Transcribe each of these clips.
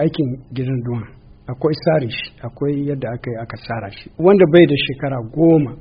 aikin gidan duwan akwai sare shi akwai yadda aka yi aka sara shi wanda bai da shekara goma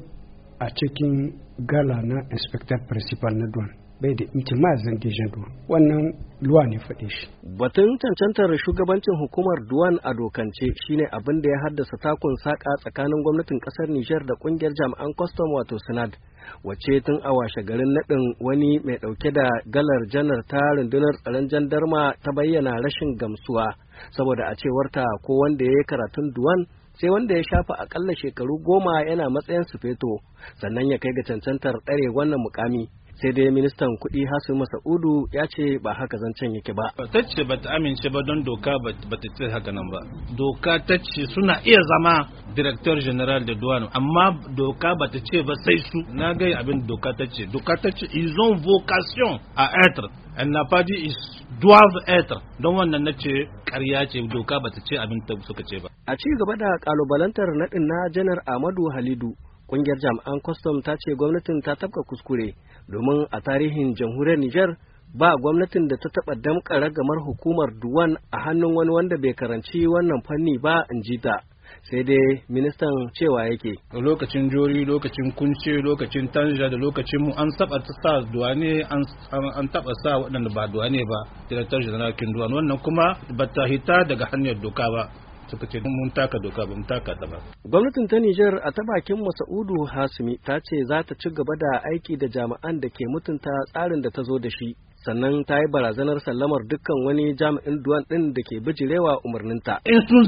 a cikin gala na inspector principal na duwan bai da intima zange duwan wannan luwa ne faɗe shi. Batun cancantar shugabancin hukumar Duwan a dokance shine abin da ya haddasa takun saƙa tsakanin gwamnatin ƙasar Nijar da ƙungiyar jami'an kwastam wato Sinad. Wace tun a washe garin naɗin wani mai ɗauke da galar janar ta rundunar tsaron jandarma ta bayyana rashin gamsuwa saboda a cewarta ko wanda ya yi karatun Duwan sai wanda ya shafa akalla shekaru goma yana matsayin sufeto sannan ya kai ga cancantar ɗare wannan mukami sai dai ministan kuɗi hasu masa'udu ya ce ba haka zancen yake ba ta ce ba ta amince ba don doka ba ta ce haka nan ba doka ta ce suna iya zama director general da duwanu amma doka ba ta ce ba sai su na gai abin doka ta ce doka ta ce ils ont vocation à être un n'a pas ils doivent être don wannan na ce ƙarya ce doka ba ta ce abin ta suka ce ba a ci gaba da kalubalantar naɗin na janar amadu halidu Ƙungiyar jami'an kwastam ta ce gwamnatin ta tafka kuskure domin a tarihin jamhuriyar Nijar ba gwamnatin da ta taba damka ragamar hukumar Duwan a hannun wani wanda bai karanci wannan fanni ba in ji ta. sai dai ministan cewa yake lokacin jori lokacin kunce lokacin tanja da lokacin mu an saba sa duwane an taba sa waɗanda ba duwane ba director general kin duwan wannan kuma ba ta hita daga hanyar doka ba suka ce mun taka doka ba mun taka ta ba. Gwamnatin ta Nijar a ta bakin Masaudu Hasimi ta ce za ta ci gaba da aiki da jami'an da ke mutunta tsarin da ta zo da shi. sannan ta yi barazanar sallamar dukkan wani jami'in duwan ɗin da ke bijirewa umarninta. In sun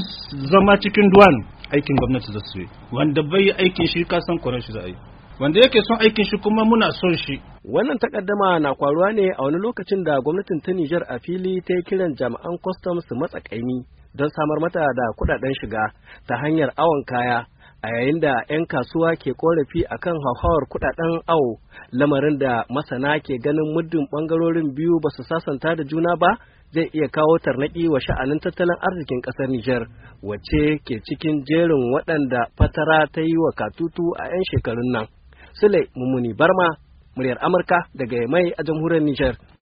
zama cikin duwan aikin gwamnati za su yi, wanda bai aikin shi kasan kwaron shi za a yi. wanda yake son aikin shi kuma muna son shi. Wannan takaddama na kwaruwa ne a wani lokacin da gwamnatin ta Nijar a fili ta yi kiran jami'an kwastam su matsa kaimi don samar mata da kudaden shiga ta hanyar awon kaya a yayin da 'yan kasuwa ke korafi a kan hauhawar kudaden awo lamarin da masana ke ganin muddin bangarorin biyu ba su sasanta da juna ba zai iya kawo tarnaki wa sha'anin tattalin arzikin kasar Nijar wacce ke cikin jerin waɗanda fatara ta yi wa katutu a 'yan shekarun nan. Sule Mumuni Barma, muryar Amurka daga mai a jamhuriyar Nijar.